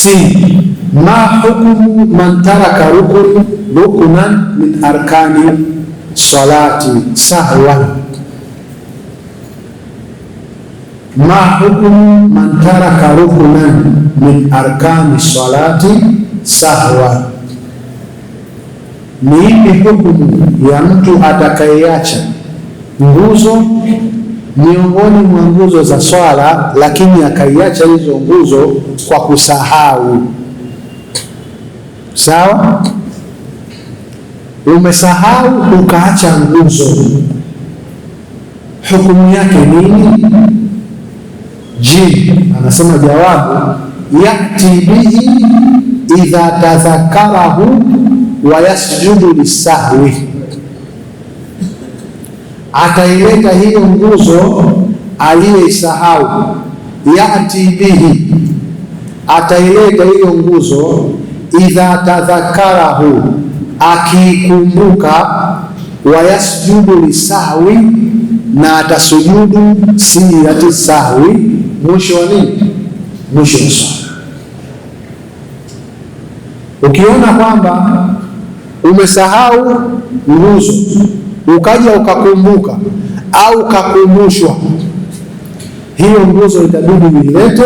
si ma hukumu man taraka rukunan min arkani salati sahwa, ma hukumu man taraka rukunan min arkani salati sahwa, ni ipi hukumu ya mtu atakayeacha nguzo miongoni mwa nguzo za swala, lakini akaiacha hizo nguzo kwa kusahau. Sawa, umesahau ukaacha nguzo, hukumu yake nini? Je, anasema jawabu, yati bihi idha tadhakarahu wa yasjudu lisahwi ataileta hiyo nguzo aliyeisahau yati bihi, ataileta hiyo nguzo idha tadhakarahu, akiikumbuka, wayasjudu lisahwi, na atasujudu siyati sahwi, mwisho wa nini? Mwisho wa swala. Ukiona kwamba umesahau nguzo ukaja ukakumbuka au ukakumbushwa, hiyo nguzo itabidi uilete,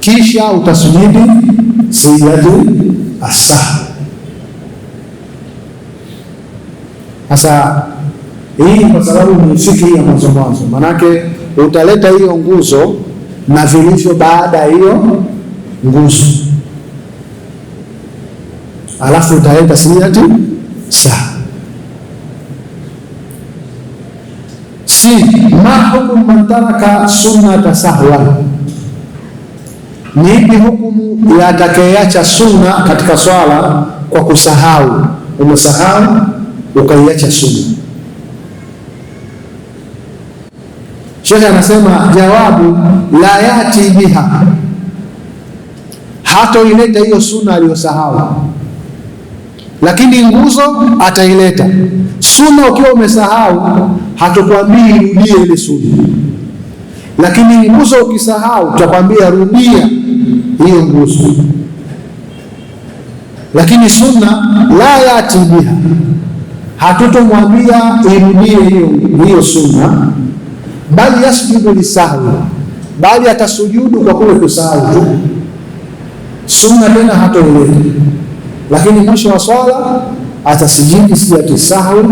kisha utasujudi sijidatu asa Sasa hii kwa sababu ni fikhi ya mwanzo mwanzo, manake utaleta hiyo nguzo na vilivyo baada ya hiyo nguzo, alafu utaleta sijati saa si ma hukumu man taraka sunnata ni ipi hukumu ya atakayeacha sunna katika swala kwa kusahau? Umesahau ukaiacha sunna. Shekhe anasema jawabu, la yati biha, hatoileta hiyo sunna aliyosahau lakini nguzo ataileta. Sunna ukiwa umesahau, hatukwambii rudie ile sunna, lakini nguzo ukisahau, tutakwambia rudia hiyo nguzo. Lakini sunna la yati biha, hatutomwambia irudie hiyo hiyo sunna, bali yasjudu lisahwi, bali atasujudu kwa kule kusahau tu. Sunna tena hatoileta lakini mwisho wa swala atasijidi sijati sahwi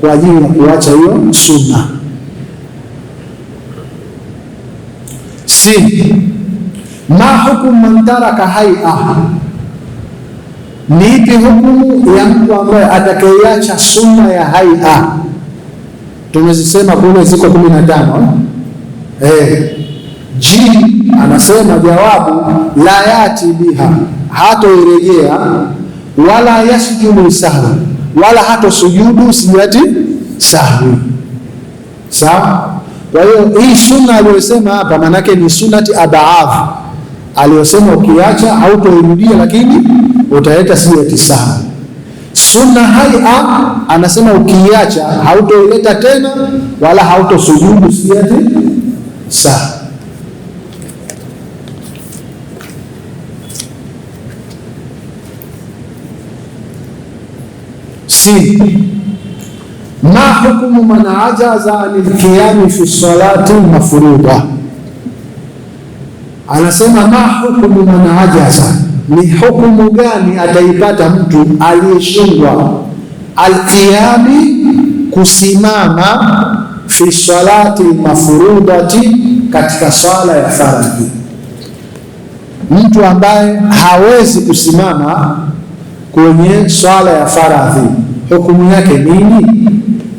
kwa ajili ya kuacha hiyo sunna. Si ma hukumu man taraka haia, ni ipi hukumu ya mtu ambaye atakayeacha sunna ya haia? Tumezisema kule ziko kumi na tano eh? eh. Ji anasema jawabu la yati biha, hatoirejea wala yasjudu sahwi, wala hata sujudu sujati sahwi. Sawa. Kwa hiyo hii sunna aliyosema hapa manake ni sunnati adaafu aliyosema, ukiacha hautoirudia, lakini utaleta sujati sahwi. Sunna haia anasema ukiacha hautoileta tena, wala hautosujudu sujati sahwi. hamsini. Ma hukumu man ajaza anil qiyami fi salati mafruda, anasema ma hukumu man ajaza, ni hukumu gani ataipata mtu aliyeshindwa alqiyami, kusimama fi salati mafrudati, katika swala ya faradhi mtu ambaye hawezi kusimama kwenye swala ya faradhi hukumu yake nini?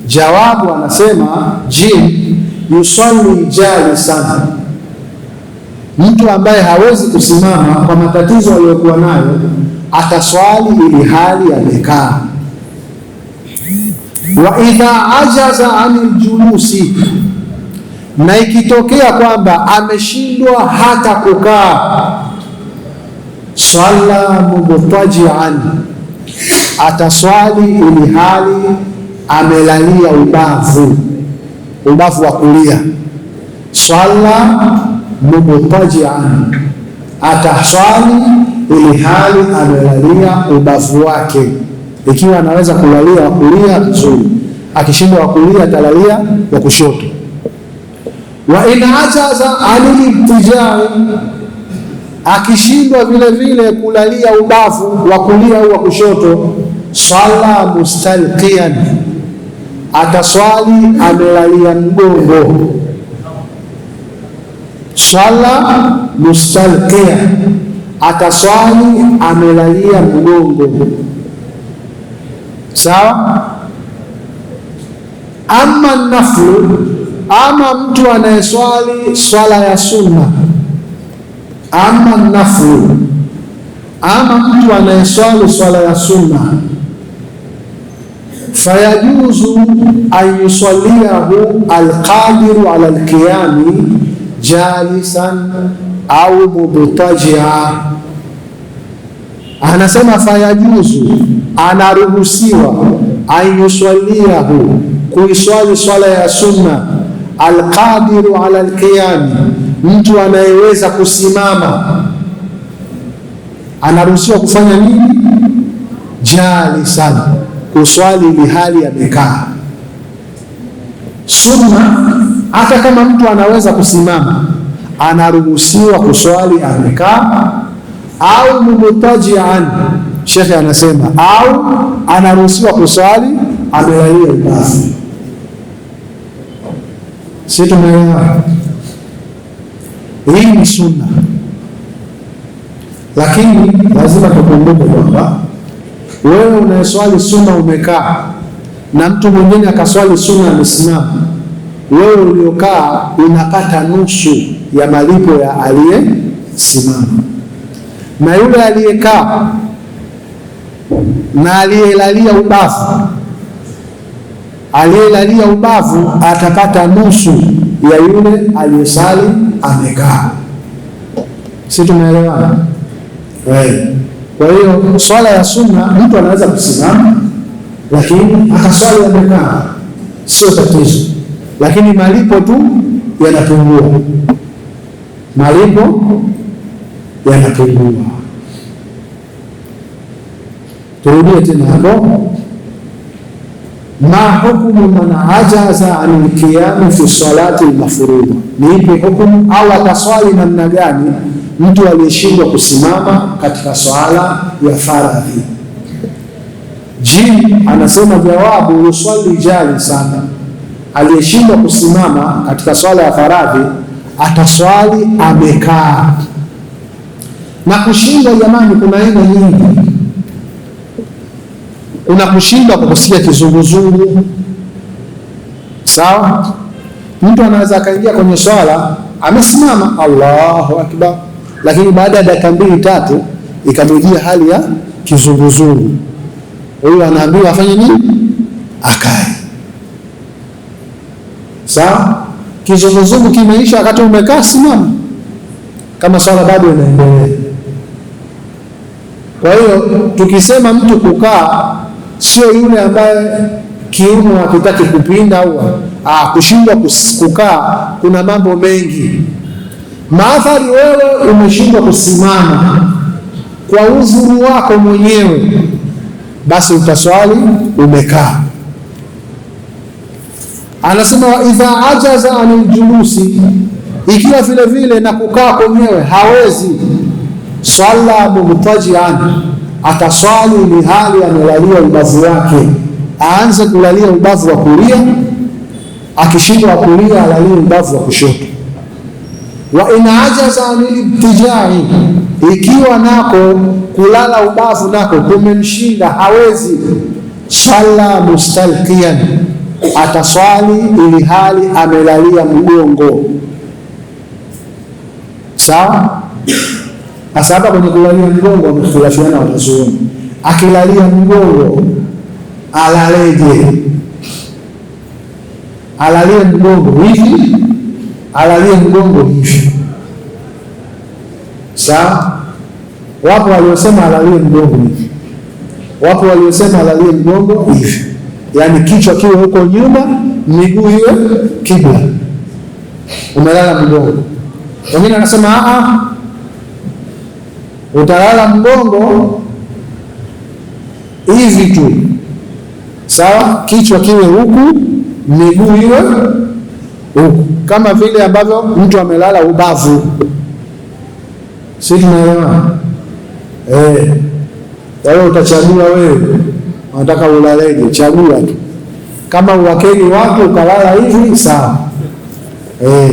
Jawabu anasema je, yusalli jalisan, mtu ambaye hawezi kusimama kwa matatizo aliyokuwa nayo ataswali ili hali amekaa. Wa idha ajaza anil julusi, na ikitokea kwamba ameshindwa hata kukaa, salla mubtajian ataswali ili hali amelalia ubavu, ubavu wa kulia. Swala mumutajian, ataswali ili hali amelalia ubavu wake. Ikiwa anaweza kulalia wa kulia vizuri, akishindwa wa kulia atalalia wa kushoto. Wa in ajaza anil akishindwa vile vile kulalia ubavu wa kulia au wa kushoto Swala mustalqian, ataswali amelalia mgongo. Swala mustalqian, ataswali amelalia mgongo. Sawa. Ama nafu, ama mtu anayeswali swala ya sunna, ama nafu ama mtu anayeswali swala ya sunna fayajuzu an alqadiru ala alqiyami jalisan au mubtajia. Anasema fayajuzu, anaruhusiwa an kuiswali swala ya sunna, alqadiru ala alqiyami, mtu anayeweza kusimama anaruhusiwa kufanya nini? Jalisan kuswali lihali amekaa. Sunna, hata kama mtu anaweza kusimama, anaruhusiwa kuswali amekaa au mumutajian. Shekhe anasema au anaruhusiwa kuswali amelalia ubavu. Si tumeelewa? Hii ni sunna, lakini lazima tukumbuke kwamba wewe unayeswali suna umekaa na mtu mwingine akaswali suna amesimama, wewe uliokaa unapata nusu ya malipo ya aliyesimama. Na yule aliyekaa na aliyelalia ubavu, aliyelalia ubavu atapata nusu ya yule aliyesali amekaa. Si tumeelewana? Kwa hiyo swala ya sunna mtu anaweza kusimama, lakini akaswali amekaa, sio tatizo, lakini malipo tu yanapungua, malipo yanapungua. Turudie tena hapo, ma hukumu man ajaza an alqiyam fi salati almafruda, ni ipi hukumu au akaswali namna gani mtu aliyeshindwa kusimama katika swala ya faradhi. Ji anasema jawabu, yuswali jalisan, aliyeshindwa kusimama katika swala ya faradhi ataswali amekaa. Na kushindwa, jamani, kuna aina nyingi. Kuna kushindwa kwa kusikia kizunguzungu, sawa. Mtu anaweza akaingia kwenye swala amesimama, Allahu akbar lakini baada ya dakika mbili tatu ikamjia hali ya kizunguzungu. Huyu anaambiwa afanye nini? Akae. saa kizunguzungu kimeisha, wakati umekaa simama, kama swala bado inaendelea. Kwa hiyo tukisema mtu kukaa, sio yule ambaye kiuno hakitaki kupinda au ah, kushindwa kukaa, kuna mambo mengi Maadhari wewe umeshindwa kusimama kwa uzuri wako mwenyewe, basi utaswali umekaa. Anasema wa idha ajaza anil julusi, ikiwa vile vile na kukaa kwenyewe hawezi, swala mumtajian, ataswali ni hali amelalia ubavu wake. Aanze kulalia ubavu wa kulia, akishindwa kulia alalie ubavu wa kushoto wa in ajaza anil ibtijai, ikiwa nako kulala ubavu nako kumemshinda hawezi, salla mustalkian ataswali ili hali amelalia mgongo. Sawa. asaba hapa kwenye kulalia mgongo wamekhtalafiana wanazuoni, akilalia mgongo alaleje? Alalie mgongo hivi alalie mgongo mtu. Sawa, wapo waliosema alalie mgongo hivi, wapo waliosema alalie mgongo hivi, yaani kichwa kiwe huko nyuma, miguu iwe kibla, umelala mgongo. Wengine anasema a, utalala mgongo hivi tu, sawa, kichwa kiwe huku, miguu iwe huku, kama vile ambavyo mtu amelala ubavu, si tunaelewa eh? Wewe utachagua wewe unataka ulaleje, chagua tu. Kama uwakeni watu ukalala hivi sawa, eh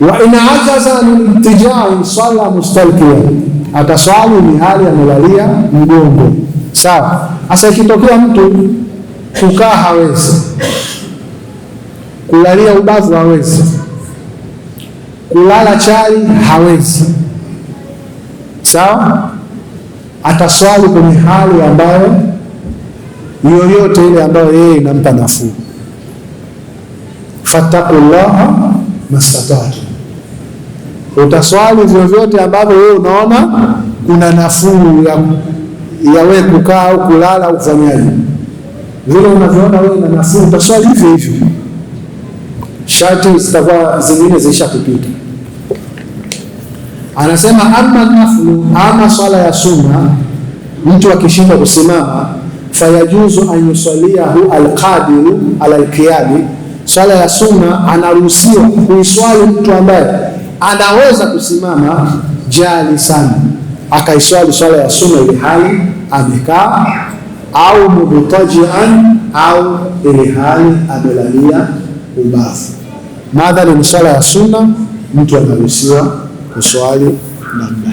wa in ajaza min sala mustalkia, ataswali ni hali amelalia mgongo. Sawa. Sasa ikitokea mtu kukaa hawezi kulalia ubavu hawezi, kulala chali hawezi, sawa. Ataswali kwenye hali ambayo yoyote ile ambayo yeye inampa nafuu. Fattaqullaha mastata'tum, utaswali vyovyote ambavyo wewe unaona kuna nafuu ya ya wewe kukaa au kulala ufanyaji vile unavyoona wewe na nafuu, utaswali hivyo hivyo Sharti zitakuwa zingine zilishakupita Anasema amma naflu, ama swala ya sunna, mtu akishindwa kusimama, fayajuzu an yusaliahu alqadiru ala alqiyami, swala ya sunna anaruhusiwa kuiswali mtu ambaye anaweza kusimama jalisan, akaiswali swala ya sunna ili hali amekaa, au mudtajian, au ili hali amelalia ubavu madhali ni swala ya sunna, mtu anaruhusiwa kuswali namna